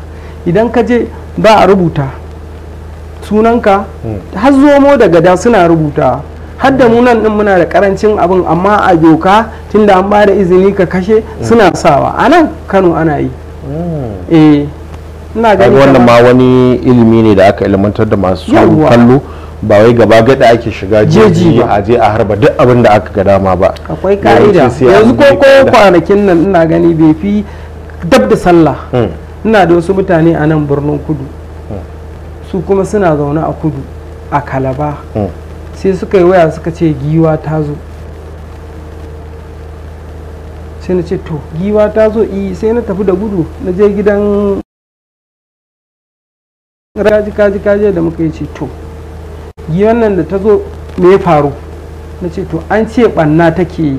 idan ka je ba a rubuta sunanka har zomo da gada suna rubuta har da munan din muna da karancin abin amma a doka tunda an ba da izini ka kashe suna sawa a nan kano ana yi eh wannan ma wani ilimi ne da aka ilmantar da masu kallo ba wai gaba gada ake shiga jeji a je a harba duk abin da aka ga dama ba akwai ka'ida yanzu ko ko kwanakin nan ina gani bai fi dab da sallah hmm. ina da wasu mutane a nan birnin kudu hmm. su kuma suna zaune a kudu a kalaba hmm. sai suka yi waya suka ce giwa ta zo sai na ce to giwa ta zo yi sai na tafi da gudu na je gidan kaji kaji kaji da muka yi ce to giwan nan da ta zo me ya faru na ce to an ce banna take yi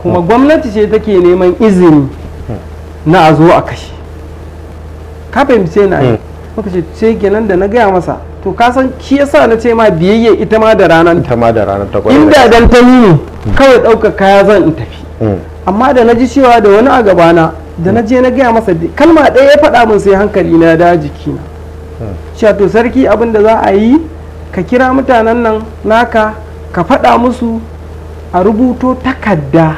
kuma hmm. gwamnati ce take neman izini hmm. na a zo a kashe ka fahimce na yi hmm. muka ce ce kenan da na gaya masa to ka san shi yasa na ce ma biyayya ita ma da ranar ta ma da ranar ta inda dan ta ne kawai ɗaukar kaya zan in tafi amma da na ji cewa da wani a gabana da na je na gaya masa kalma ɗaya ya faɗa min sai hankali na da jikina cewa to sarki abin da za a yi ka kira mutanen nan naka ka faɗa musu a rubuto takarda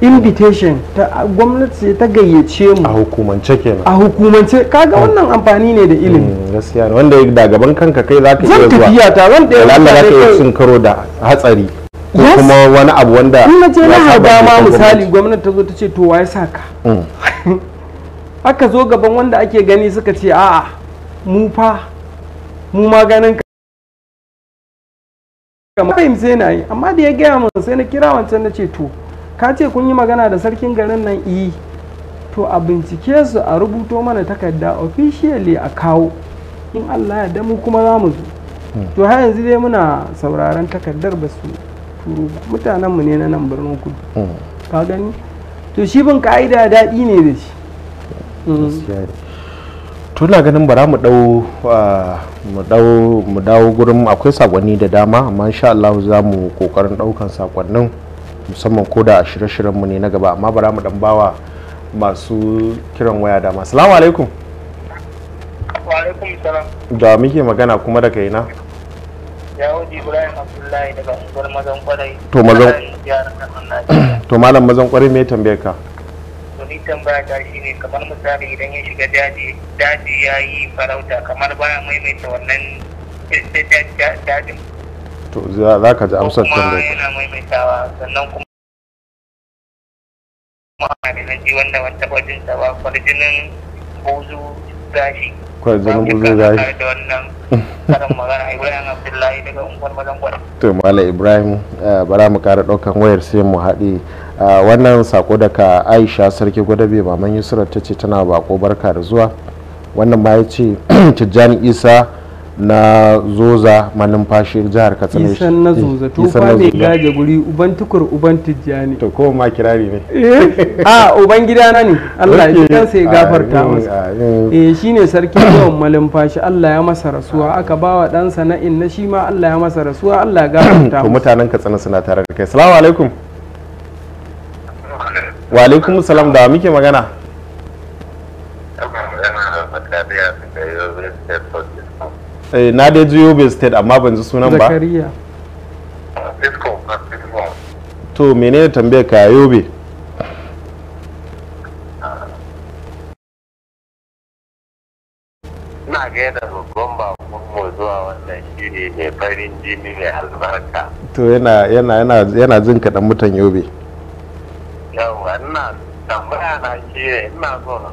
invitation ta gwamnati ta gayyace mu a hukumance kenan a hukumance kaga wannan amfani ne da ilimi mm, gaskiya wanda da gaban kanka kai zaka iya zuwa zan tafiya ta zan ɗaya zaka iya sun karo da hatsari ko kuma wani abu wanda in na je na harba ma misali gwamnati ta zo ta ce to waye saka mm. (laughs) aka zo gaban wanda ake gani suka ce a'a mu fa mu ma ganin kamar fahimce na yi amma da ya gaya min sai na kira wancan na ce to ka ce kun yi magana da sarkin garin nan iyi eh. to a bincike su a rubuto mana takarda officially a kawo in allah ya damu kuma za mu zo mm. to har yanzu dai muna sauraron takardar ba su mutanen mutanenmu ne na nan birnin kudu hmm. ka gani to shi bin ka'ida daɗi ne da shi hmm. tuna ganin bara mu dau ah, mu dau mu dawo gurin akwai sakonni da dama amma insha Allah za mu kokarin daukan sakonnin musamman ko da shirye-shiryen mu ne na gaba amma bara mu dan bawa masu kiran waya dama assalamu alaikum wa alaikum salam da muke magana kuma daga ina Yahudi Ibrahim Abdullahi daga unguwar mazan kwarai. To mazan (clears throat) To malam mazan kwarai me tambayar ka? To ni tambaya ta shine kamar misali idan ya shiga daji daji ya yi farauta kamar baya maimaita wannan dajin. To za ka ji amsar tambayar. Kuma yana maimaitawa sannan kuma ma'adanan ji wanda wata kwajin ba kwarjinin buzu zafi kwazurin guzun zafi da wannan karin magana ibrahim abdullahi daga unguwar to mala ibrahim bara mu kara daukan wayar sai mu haɗe wannan sako daga aisha sarki gwadabe maman yusra ta ce tana bako barka da zuwa wannan ma ya ce (clears throat) tijjani isa na zoza manumfashi jihar katsina isan na zoza eh, to fa mai gaje guri uban tukur uban tijjani to ko ma kirari ne eh, a uban gida na ne Allah ya kan sai gafarta masa eh, eh shine sarki (coughs) yawan malumfashi Allah ya masa rasuwa aka bawa dan sana'in na shi ma Allah ya masa rasuwa Allah ya gafarta (coughs) to mutanen katsina suna tare da kai assalamu alaikum wa alaikum salam da muke magana da Eh, na dai ji yobe state amma ban ji sunan ba zakariya to menene tambayar ka yobe na gaida babban bakon mu zuwa wannan shiri mai farin jini mai albarka to yana yana yana jin kaɗan mutan yobe yawa ina tambaya na shi eh, ina so na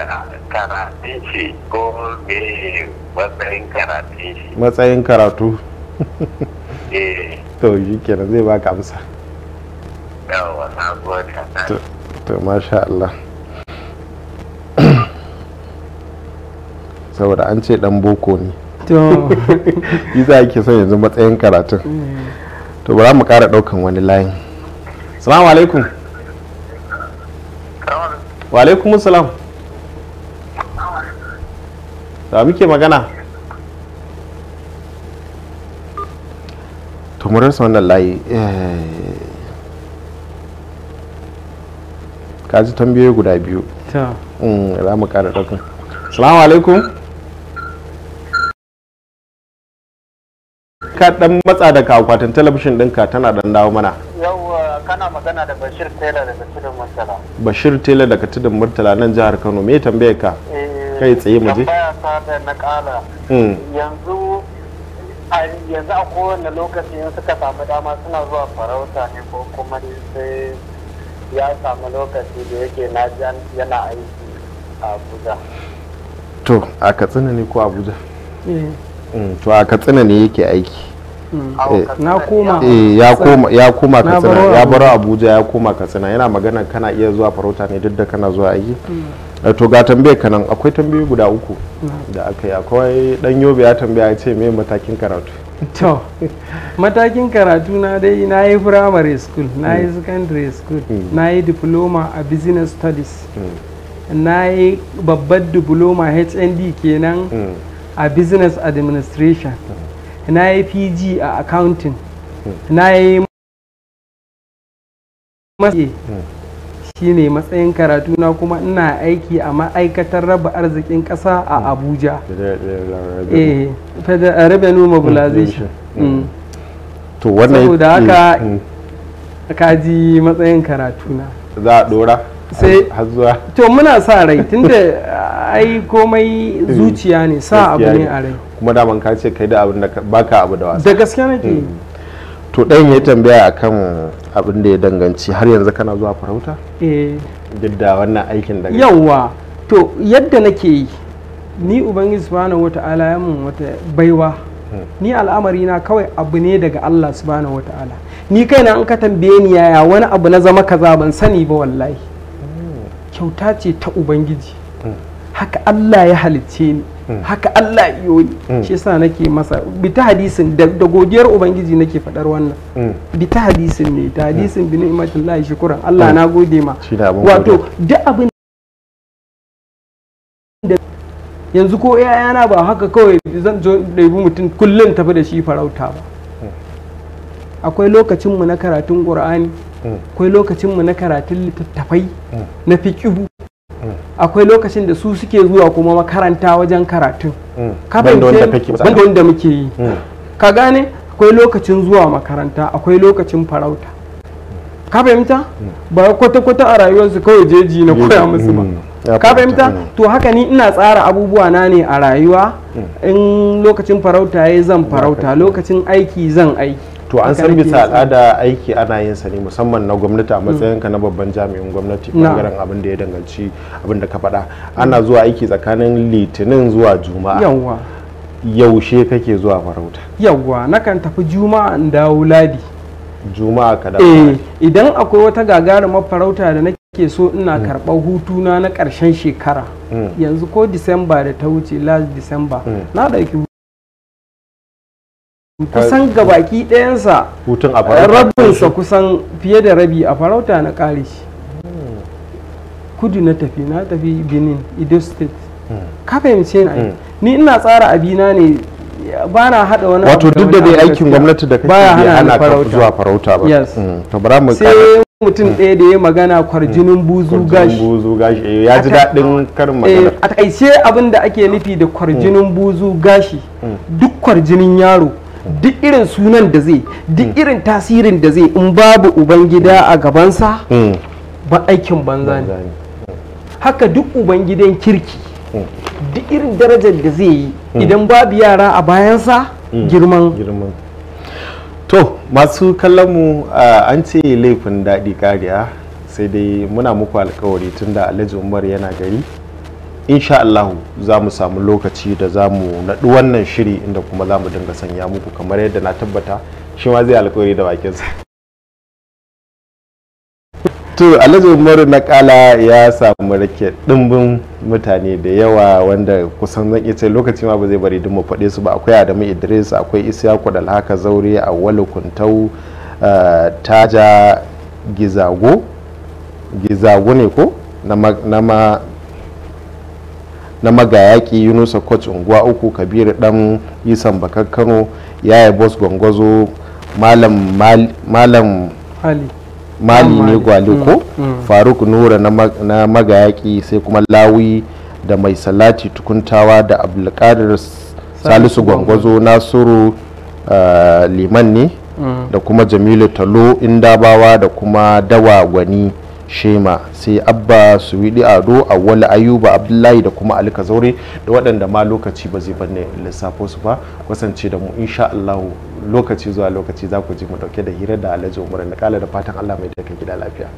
san karatun shi ko me matsayin karatun shi matsayin karatu eh. to shi kenan zai baka amsa yawa na gode to masha Allah saboda an ce dan boko ne to yi (laughs) za ake son yanzu matsayin karatun mm. to bari mu kara daukan wani layin salamu alaikum wa alaikum salam da muke magana tumurar wannan layi eh. ka ji tambayoyi guda biyu mm, za mu kara ɗaukan salamu alaikum ka dan matsa daga akwatin talabishin ɗinka tana dan dawo mana kana magana da Bashir Taylor daga Tudun Murtala. Bashir Taylor daga Tudun Murtala nan jihar Kano me tambaye ka? Eh, Kai tsaye mu je. ta da na kala. Hmm. Yanzu yanzu a kowane lokaci in suka samu dama suna zuwa farauta ne ko kuma sai ya samu lokaci da yake na yana aiki a Abuja. To a Katsina ne ko Abuja? Eh. Hmm, to a Katsina ne yake aiki. Eh, na eh, koma ya koma ya koma katsina ya bar abuja ya koma katsina yana magana kana iya zuwa farauta ne duk da kana zuwa aiki eh, to ga tambayar kanan akwai tambayi guda uku da aka yi akwai dan yobe ya tambaya ya ce me matakin karatu to matakin karatu na dai na yi primary school na yi mm. secondary school mm. na yi diploma a business studies mm. na yi babbar diploma hnd kenan a business administration na yi pg a accounting hmm. na yi matsayi hmm. shi ne matsayin karatu na kuma ina aiki a ma'aikatar raba arzikin ƙasa a hmm. abuja eh, revenue mobilization to wannan saboda haka kaji matsayin karatu na za a dora sai to muna sa rai tunda (laughs) ai komai mm. zuciya ne sa abu ne a rai kuma daman ka ce kai da abin da baka abu da wasa da gaskiya nake mm. to dan ya tambaya akan abin da ya danganci har yanzu kana zuwa farauta eh duk da wannan aikin da yawa to yadda nake yi ni ubangiji subhanahu wata'ala ya mun wata baiwa mm. ni al'amari na kawai abu ne daga Allah subhanahu wata'ala ni kaina an ka tambaye ni yaya wani abu na zama kaza ban sani ba wallahi kyauta ce ta ubangiji haka Allah ya halicce ni hmm. haka Allah ya yi hmm. shi yasa nake masa bi ta hadisin da godiyar ubangiji nake fadar wannan hmm. bi ta hadisin ne ta hadisin bi lahi shukran Allah na gode ma wato duk abin yanzu ko yayana ba haka kawai zan zo ɗaibi mutum kullum tafi da shi farauta ba akwai lokacinmu na karatun ƙur'ani akwai lokacinmu na karatun littattafai na fiƙihu akwai lokacin da su suke zuwa kuma makaranta wajen karatun hmm. banda wanda muke yi hmm. ka gane akwai lokacin zuwa makaranta akwai lokacin farauta ka fahimta hmm. ba kwata-kwata a rayuwarsu kawai jeji na koya musu ba ka fahimta to haka ni ina tsara abubuwa na ne a rayuwa in lokacin farauta ya zan farauta lokacin aiki zan aiki to an san bisa al'ada aiki ana yin sa ne musamman na gwamnati a matsayin ka na babban jami'in gwamnati bangaren abin da ya danganci abin da ka faɗa ana zuwa aiki tsakanin litinin zuwa juma'a yawwa yaushe kake zuwa farauta yawwa nakan tafi juma'a in dawo ladi juma'a ka dawo eh, idan akwai wata gagarumar farauta da nake so ina hmm. karɓar hutuna na ƙarshen shekara hmm. yanzu ko disamba da ta wuce last disamba hmm. na ɗauki kusan gabaki ɗayansa rabinsa kusan fiye da rabi a farauta na ƙare shi hmm. kudu na tafi na tafi benin ido state hmm. ka fahimce na hmm. ni ina tsara abina ne ba na haɗa wani wato duk da dai aikin gwamnati da kake ya ana ka zuwa farauta ba yes to bara mu sai mutum ɗaya da ya magana kwarjinin buzu gashi buzu gashi eh, ya ji daɗin karin magana eh, a takaice abin da ake nufi da kwarjinin buzu gashi duk kwarjinin yaro duk irin sunan da zai duk mm. irin tasirin da zai in babu ubangida a gabansa mm. ba aikin banza ne mm. haka duk ubangidan kirki duk irin darajar da zai yi idan babu yara a bayansa girman to masu kallon mu an ce laifin daɗi kariya sai dai muna muku alkawari tunda alhaji umar yana gari insha Allah za mu samu lokaci da za mu naɗu wannan shiri inda kuma za mu dinga sanya muku kamar yadda na tabbata shi ma zai alkawari da bakinsa to alhaji umaru na kala ya samu rake dimbin mutane da yawa wanda kusan zan iya ce lokaci ma ba zai bari duk mu faɗe su ba akwai adamu idris akwai isa da haka zaure awwalu kuntau eh, taja gizago gizago ne ko na na magayaki yunusa coach unguwa uku kabiru dan isan bakar kano yaya boss gwangwazo malam malam mali ne gwaliko. Mm, mm. faruk nura na magayaki sai kuma lawi da mai salati tukuntawa da abdulkadir salisu gwangwazo nasiru ah, liman ne mm. da kuma jamilu talo indabawa da kuma dawa gwani shema sai abba su ado awwal ayuba abdullahi da kuma alika zaure da waɗanda ma lokaci ba zai banne lissafo su ba kasance da mu insha Allah lokaci zuwa lokaci za ku ji mu dauke da hira da alhaji umar na kala da fatan Allah mai daga gida lafiya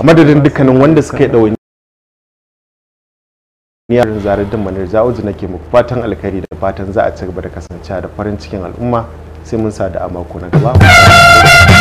a madadin dukkanin wanda suka yi dawani niyar zarar din manar za'uji nake muku fatan alkhairi da fatan za a ci gaba da kasancewa da farin cikin al'umma sai mun sa da a na gaba